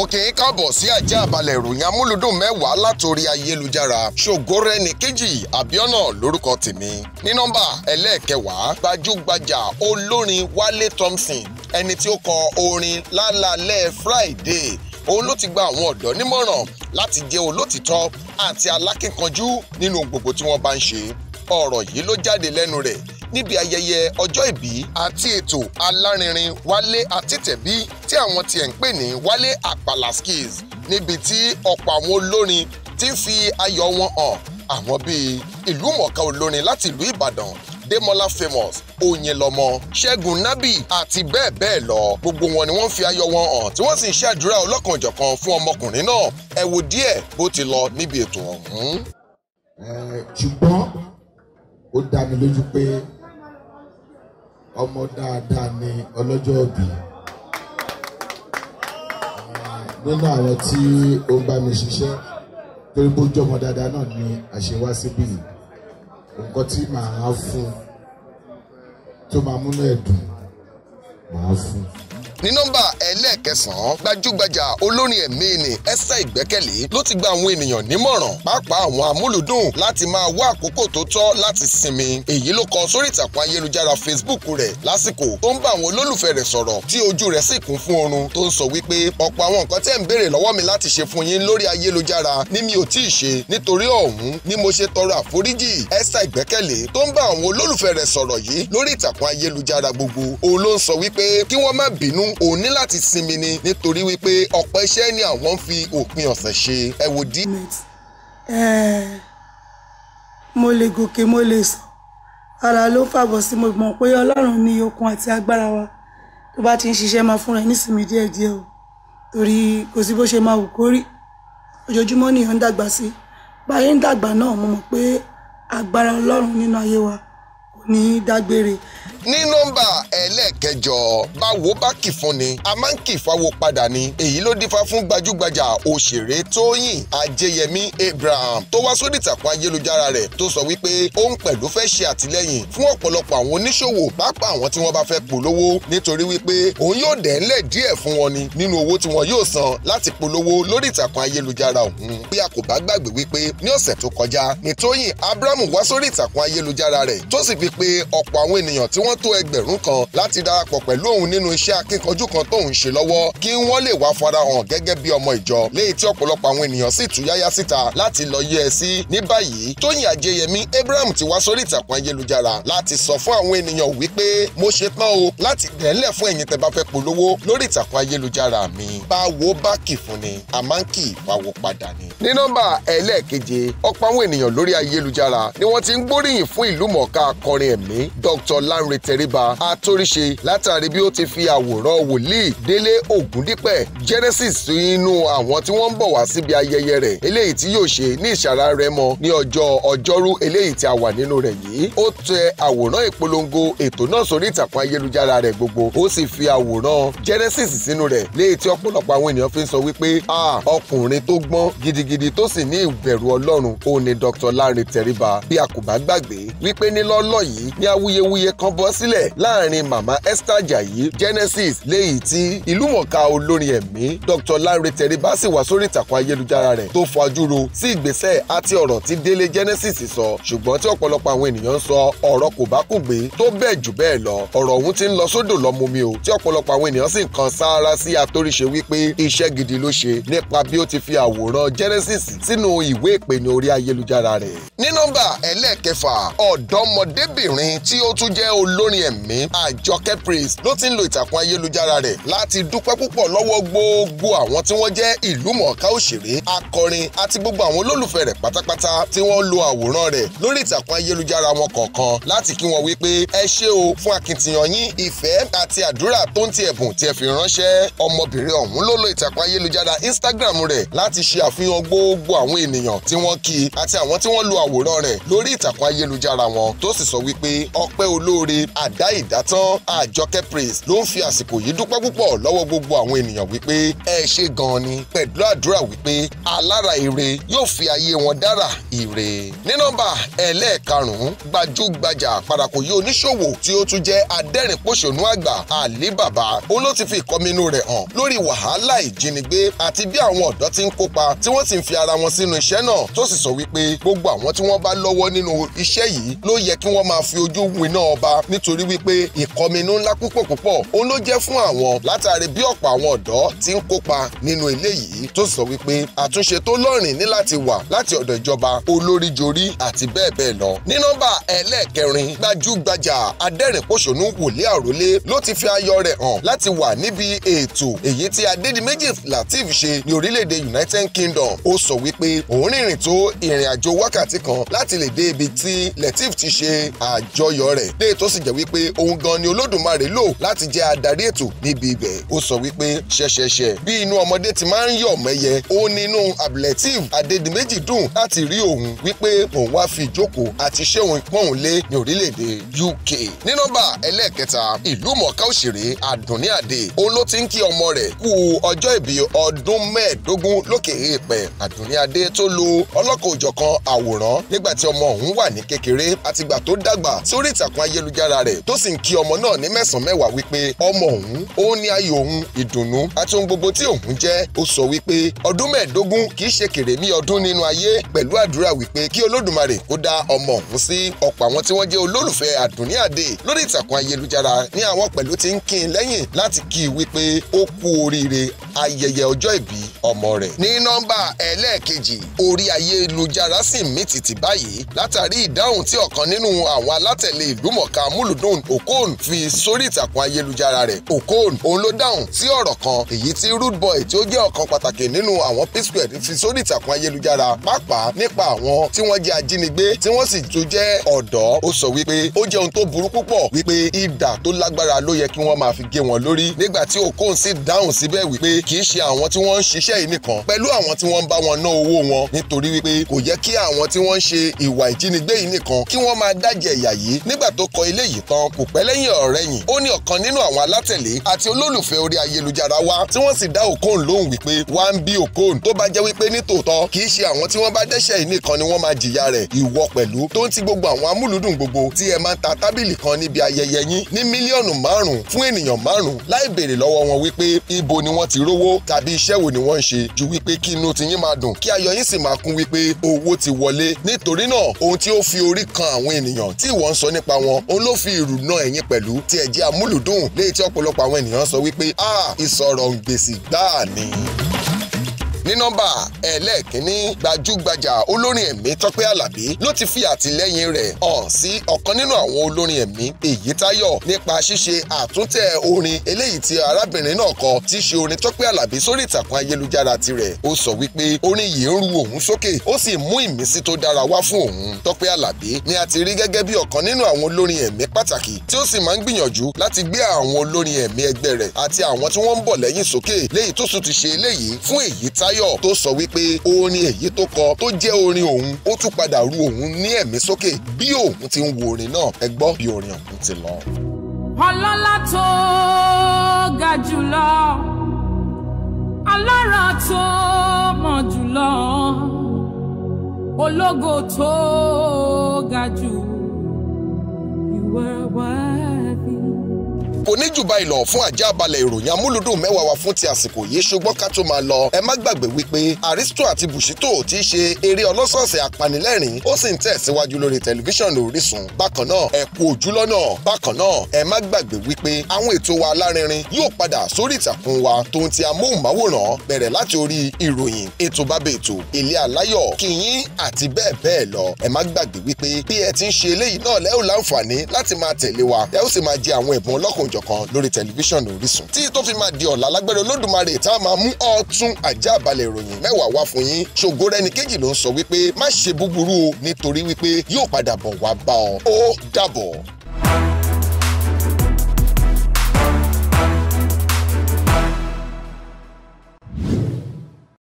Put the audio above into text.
mo kì í káàbọ̀ sí ajá àbálẹ̀ ìròyìn amúlùdùn mẹ́wàá látòrí ayélujára ṣògórẹ́ ní kejì àbíọ́nà lórúkọ tèmi ní nọ́mbà ẹlẹ́ẹ̀kẹwàá gbajúgbajà olórin Wálé Thompson ẹni tí ó kọ orin lálálẹ́ Friday òun ló ti gba àwọn ọ̀dọ́ nímọ̀ràn láti jẹ́ olótìtọ́ àti alákínkanjú nínú gbogbo tí wọ́n bá ń ṣe ọ̀rọ̀ yìí ló jáde lẹ́nu rẹ̀ níbi ayẹyẹ ọjọ́ ìbí àti ètò alárinrin wálé àtìtẹ̀bí tí àwọn tiẹ̀ ń pè ní wálé àpàlà skills níbi tí ọ̀pọ̀ àwọn olórin ti ń fi ayọ̀ wọn hàn àwọn bíi ìlú mọ̀ọ́ká olórin láti ìlú ìbàdàn Demola Famous Oyinlọmọ Ṣẹ́gun Nabi àti bẹ́ẹ̀ bẹ́ẹ̀ lọ gbogbo wọn ni wọ́n fi ayọ̀ wọn hàn tí wọ́n sì ń ṣàdúrà ọlọ́kanjọ̀kan fún ọmọkùnrin náà ẹ wo díẹ̀ bó ti lọ níbi ètò ọ̀hún. ṣùgbọ́n ó dá mi lójú pé ọmọ dáadáa ni ọlọ́jọ́ òbí nínú àwọn tí ó ń bá mi ṣiṣẹ́ torí bó jọmọ dáadáa náà ni àṣewá síbí nǹkan tí màá fún tó máa múnú ẹ̀dùn màá fún ní nọ́mbà ẹlẹ́ẹ̀kẹsàn-án gbajúgbajà olórin ẹ̀mí ni Esther Ìgbẹ́kẹ̀lé ló ti gba àwọn ènìyàn nímọ̀ràn pàápàá àwọn amúlùdùn láti máa wá àkókò tó tọ́ láti sinmi èyí ló kọ sórí ìtàkùn ayélujára Facebook rẹ̀ lásìkò tó ń bá àwọn olólùfẹ́ rẹ̀ sọ̀rọ̀ tí ojú rẹ̀ sì kún fún oorun tó ń sọ wípé ọ̀pọ̀ àwọn nǹkan tẹ́ ń béèrè lọ́wọ́ mi láti ṣe fún yín lórí ayélujára ni mi ò tíì ṣe nítorí ọ̀hún ni mo ṣe tọrọ àforíjì Esther Ìgbẹ́kẹ̀lé tó ń bá àwọn olólùfẹ́ rẹ̀ sọ̀rọ̀ yìí lórí ìtàkùn ayélujára gbogbo òun ló ń sọ wípé kí wọ́n má bínú fún òun ní láti sinmi ni nítorí wípé ọ̀pọ̀ iṣẹ́ ni àwọn fi òpin ọ̀sẹ̀ ṣe ẹ wò dí. mo lè gòkè mo lè sọ ara ló fàbọ̀ sí mo gbọ̀n pé ọlọ́run ní okun àti agbára wa tó bá ti ń ṣiṣẹ́ máa fúnra ẹ nísinmi díẹ̀díẹ̀ o torí kò sí bó ṣe máa wù kó rí ojoojúmọ́ nìyẹn ń dàgbà sí báyé ń dàgbà náà mo mọ̀ pé agbára ọlọ́run nínú ayé wa kò ní í dágbére ní nọ́mbà ẹlẹ́ẹ̀kẹjọ báwo bá kì fún ni a máa ń kì fáwo padà ni èyí ló dífá fún gbajúgbajà òṣèré tóyìn ajẹyẹmí abraham tó wá sórí ìtàkùn ayélujára rẹ̀ tó sọ wípé òun pẹ̀lú fẹ́ ṣe àtìlẹ́yìn fún ọ̀pọ̀lọpọ̀ àwọn oníṣòwò pàápàá àwọn tí wọ́n bá fẹ́ polówó nítorí wípé òun yóò dẹ́ńlẹ̀ díẹ̀ fún wọn ni nínú owó tí wọn yóò san láti polówó lórí ìtàkùn ayélujára òun bí a kò bá gbàgbé wípé ní ọ̀sẹ̀ tó kọjá ni tóyìn abraham wá sórí ìtàkùn ayélujára rẹ̀ tó sì fi pé ọ̀pọ̀ àwọn ènìyàn tí wọ́n wọ́n tó ẹgbẹ̀rún kan láti darapọ̀ pẹ̀lú òun nínú iṣẹ́ akíkanjú kan tó ń ṣe lọ́wọ́ kí wọ́n lè wá farahàn gẹ́gẹ́ bí ọmọ ìjọ léyìí tí ọ̀pọ̀lọpọ̀ àwọn ènìyàn sì tú yáyá síta láti lọ yẹ ẹ sí ní báyìí Tóyìn Àjẹyẹmí Abraham ti wá sórí ìtàkùn ayélujára láti sọ fún àwọn ènìyàn wípé mo ṣe tán o láti dẹ̀ẹ́lẹ̀ fún ẹ̀yin tẹ́ bá fẹ́ polówó lórí ìtàkùn ayélujára mi báwo bá kì fún ni àmọ́ kì í báwo padà ni. ní nọ́mbà ẹlẹ́ẹ̀keje ọ̀pọ̀ àwọn ènìyàn lórí ayélujára ni wọ́n ti ń gbóríyìn fún ìlúmọ̀ọ́ká akọrin ẹ̀mí Dr. Lanre tẹríba atóríṣe látàrí bí ó ti fi àwòrán wòlíì délé ògúndípẹ̀ genesis sínú àwọn tí wọ́n ń bọ̀ wá síbi ayẹyẹ rẹ̀ eléyìí tí yóò ṣe ní ìṣàrá Rẹ́mọ ní ọjọ́ ọjọ́rú eléyìí tí a wà nínú rẹ̀ yìí ó tẹ àwòrán ìpolongo ètò náà sórí ìtàkùn ayélujára rẹ̀ gbogbo ó sì fi àwòrán genesis sínú rẹ̀ léyìí tí ọ̀pọ̀lọpọ̀ àwọn ènìyàn fi ń sọ wípé a ọkùnrin tó gbọ́n gidigidi tó sì ní ìbẹ̀rù ọlọ́run ó ní Dr. Lanre Tẹríba bí a kò bá gbàgbé wípé nílọ́lọ́ yìí ni awuyewuye kan bọ́ wọn sílẹ̀ láàrin màmá Esther Ajayi Genesis léyìí tí ìlúmọ̀ọ́ká olórin ẹ̀mí Dr. Lanre Tẹríba sì wá sórí ìtàkùn ayélujára rẹ̀ tó fojúro sí ìgbésẹ̀ àti ọ̀rọ̀ tí Délé Genesis sọ ṣùgbọ́n tí ọ̀pọ̀lọpọ̀ àwọn ènìyàn ń sọ ọ̀rọ̀ kò bá kùn gbé tó bẹ́ẹ̀ jù bẹ́ẹ̀ lọ ọ̀rọ̀ ọ̀hún ti ń lọ sódò lọ́mumi o tí ọ̀pọ̀lọpọ̀ àwọn ènìyàn sì ń fi àwòrán Genesis sínú ìwé ìpèní orí ayélujára rẹ̀. ní nọ́mbà ẹlẹ́ẹ̀kẹfà ọ̀dọ́mọdébìnrin olórin ẹ̀mí àjọkẹ́ praise ló ti ń lo ìtàkùn ayélujára rẹ̀ láti dúpẹ́ púpọ̀ lọ́wọ́ gbogbo àwọn tí wọ́n jẹ́ ìlú mọ̀ọ́ká òṣèré akọrin àti gbogbo àwọn olólùfẹ́ rẹ̀ pátápátá tí wọ́n lo àwòrán rẹ̀ lórí ìtàkùn ayélujára wọn kọ̀ọ̀kan láti kí wọn wípé ẹ ṣé o fún akitiyan yín ìfẹ́ àti àdúrà tó ń ti ẹ̀bùn tí ẹ fi ránṣẹ́ ọmọbìnrin ọ̀hún ló Instagram rẹ̀ láti ṣe àfihàn gbogbo àwọn ènìyàn tí wọ́n kí àti àwọn tí wọ́n lo àwòrán rẹ̀ lórí ìtàkùn ayélujára wọn tó sì sọ wípé ọpẹ́ olóore àdá ìdátán àjọkẹ́ praise ló ń fi àsìkò yìí dúpẹ́ púpọ̀ lọ́wọ́ gbogbo àwọn ènìyàn wípé ẹ ṣe gan-an ni pẹ̀lú àdúrà wípé alára ire yóò fi ayé wọn dára ire. ní nọ́mbà ẹlẹ́ẹ̀karùn-ún gbajúgbajà parako yìí oníṣòwò tí ó tún jẹ́ adẹ́rìn-pọ̀ṣọ́nù àgbà àlí bàbá òun ló ti fi ìkọminú rẹ̀ hàn lórí wàhálà ìjínigbé àti bí àwọn ọ̀dọ́ ti ń kópa tí wọ́n ti ń fi ara wọn sínú iṣẹ́ náà tó sì sọ wípé gbogbo àwọn tí wọ́n bá lọ́wọ́ nínú iṣẹ́ yìí nítorí wípé ìkọminú ńlá púpọ̀ púpọ̀ òun ló jẹ́ fún àwọn látàrí bí ọ̀pọ̀ àwọn ọ̀dọ́ ti ń kópa nínú eléyìí tó sọ wípé àtúnṣe tó lọ́rìn ní láti wà láti ọ̀dọ̀ ìjọba olóríjorí àti bẹ́ẹ̀ bẹ́ẹ̀ lọ. ní nọ́mbà ẹlẹ́ẹ̀kẹrin gbajúgbajà adẹ́rìnpòṣónú wòlé àrólé ló ti fi ayọ̀ rẹ̀ hàn láti wà níbi ètò èyí tí adédìméjì latif ṣe ní orílẹ̀-èdè united kingdom ó sọ wípé òun rìnrìn tó ìrìn àjò wákàtí kan láti lè dé ibi tí latif ti ṣe àjọyọ̀ rẹ̀ dé tó sì sì jẹ́ wípé òun gan ni olódùmarè lò láti jẹ́ adarí ètò níbi ibẹ̀ ó sọ wípé ṣẹṣẹṣẹ bí inú ọmọdé ti máa ń yọ̀ mẹ́yẹ ó ní inú abletive adédìméjì dùn láti rí òun wípé òun wá fi ìjókòó àti iṣẹ́ òun pọ́n lé ní orílẹ̀-èdè UK ní nọ́mbà ẹlẹ́ẹ̀kẹta ìlú mọ̀ọ́ká òṣèré àdùnní àdè òun ló ti ń kí ọmọ rẹ̀ kú ọjọ́ ìbí ọdún mẹ́ẹ̀ẹ́dógún lókè èèpẹ̀ àdùnní àdè tó lo ọlọ́kọ̀ òjọ̀kan àwòrán nígbà tí ọmọ òun wà ní kékeré àtìgbà tó dàgbà sórí ìtàkùn ayélujára lára rẹ̀ tó sì ń kí ọmọ náà ní mẹ́sàn-án mẹ́wàá wípé ọmọ òun òun ni ayọ̀ òun ìdùnnú àti ohun gbogbo tí òun jẹ́ ó sọ wípé ọdún mẹ́ẹ̀ẹ́dógún kì í ṣe kèrèmí ọdún nínú ayé pẹ̀lú àdúrà wípé kí olódùmarè kó dá ọmọ òun sí ọ̀pọ̀ àwọn tí wọ́n jẹ́ olólùfẹ́ àdùnní lórí ìtàkùn ayélujára ní àwọn pẹ̀lú ti ń kí ayẹyẹ ọjọ́ ìbí ọmọ rẹ̀. ní nọ́mbà ẹlẹ́ẹ̀kejì orí ayélujára sì mì tìtì báyìí látàrí ìdáhùn tí ọ̀kan nínú àwọn alátẹ̀lé ìlúmọ̀ọ́ká múlùdùn okon fi sórí ìtàkùn ayélujára rẹ̀ okon òun ló dáhùn sí ọ̀rọ̀ kan èyí tí rude boy tí ó jẹ́ ọ̀kan pàtàkì nínú àwọn p-squared fi sórí ìtàkùn ayélujára pàápàá nípa àwọn tí wọ́n jẹ́ ajínigbé tí wọ́n sì tún jẹ́ ọ̀dọ́ ó sọ wípé ó jẹ́ ohun tó burú púpọ̀ wípé ìdà tó lágbára ló yẹ kí wọ́n máa fi gé wọn lórí nígbà tí okon sì dáhùn síbẹ̀ wípé pé kì í ṣe àwọn tí wọ́n ń ṣiṣẹ́ yìí nìkan pẹ̀lú àwọn tí wọ́n ń bá wọn ná owó wọn nítorí wípé kò yẹ kí àwọn tí wọ́n ń ṣe ìwà ìjínigbé yìí nìkan kí wọ́n máa dájẹ́ ìyà yìí nígbà tó kọ ilé yìí tán kò pẹ́ lẹ́yìn ọ̀rẹ́yìn ó ní ọ̀kan nínú àwọn alátẹ̀lé àti olólùfẹ́ orí ayélujára wa tí wọ́n sì dá Okon lóhùn wípé wá ń bí Okon lówó tàbí iṣẹ́ wo ni wọ́n ń ṣe ju wípé kí inú ti yín máa dùn kí ayọ̀ yín sì máa kún wípé owó ti wọlé nítorí náà ohun tí ó fi orí kan àwọn ènìyàn tí ìwọ ń sọ nípa wọn òun ló fi ìrù náà ẹ̀yìn pẹ̀lú tí ẹ jẹ́ amúlùdùn léyìí tí ọ̀pọ̀lọpọ̀ àwọn ènìyàn sọ wípé ah ìsọ̀rọ̀ ń gbèsè gbáà ni ní nọ́mbà ẹlẹ́ẹ̀kínní gbajúgbajà olórin ẹ̀mí tọ́pẹ́ àlàbí ló ti fi àtìlẹ́yìn rẹ̀ hàn sí ọ̀kan nínú àwọn olórin ẹ̀mí èyí táyọ̀ nípa ṣíṣe àtúntẹ̀ orin eléyìí tí arábìnrin náà kọ tí ṣe orin tọ́pẹ́ àlàbí sórí ìtàkùn ayélujára tirẹ̀ ó sọ wípé orin yìí ń ru òun sókè ó sì mú ìmísí tó dára wá fún òun tọ́pẹ́ àlàbí ni a ti rí gẹ́gẹ́ bí ọ̀kan nínú àwọn olórin ẹ̀mí pàtàkì tí ó sì máa ń gbìyànjú láti gbé àwọn olórin ẹ̀mí ẹgbẹ́ rẹ̀ àti àwọn tí wọ́n ń bọ̀ lẹ́yìn sókè léyìí tó sùn ti ṣe eléyìí fún èyí tá Fáyọ̀ tó sọ wípé orin èyí tó kọ tó jẹ́ orin òun ó tún padà ru òun ní ẹ̀mí sókè bí òun ti ń wo orin náà ẹ gbọ́ bí orin ọ̀hún ti lọ. ọlọ́lá tó ga jùlọ alára tó mọ̀ jùlọ ológo tó ga jù. kò ní jù báyìí lọ fún àjá balẹ̀ ìròyìn amúlùdùn mẹ́wàá wa fún ti àsìkò yìí ṣùgbọ́n ká tó máa lọ ẹ má gbàgbé wípé Aristo àti Bushito ti ṣe eré ọlọ́sọ̀ọ̀sẹ̀ apanilẹ́rìn ó sì ń tẹ̀síwájú lórí tẹlifíṣàn Orísun bákan náà ẹ kú ojú bákan náà ẹ má gbàgbé wípé àwọn ètò wa alárinrin yóò padà sórí ìtàkùn wa tó ń ti amóhùnmáwòrán bẹ̀rẹ̀ láti orí ìròyìn ètò bábẹ̀ ètò ilé aláyọ̀ kìyín àti bẹ́ẹ̀ bẹ́ẹ̀ lọ ẹ má gbàgbé wípé bí ẹ ti ń ṣe eléyìí náà lẹ́ láǹfààní láti máa tẹ̀lé wa ẹ ó sì máa jẹ àwọn ẹ̀bùn ọlọ́kùnjọ òjọ̀kan lórí tẹlifíṣàn Orísun tí tó fi máa di ọ̀la lágbẹ́rẹ́ olódùmarè tá a máa mú ọ̀tún ajá balẹ̀ ìròyìn mẹ́wàá wá fún yín Ṣògorẹ́níkejì ló ń sọ wípé má ṣe búburú o nítorí wípé yóò padà bọ̀ wá bá ọ ó dàbọ̀.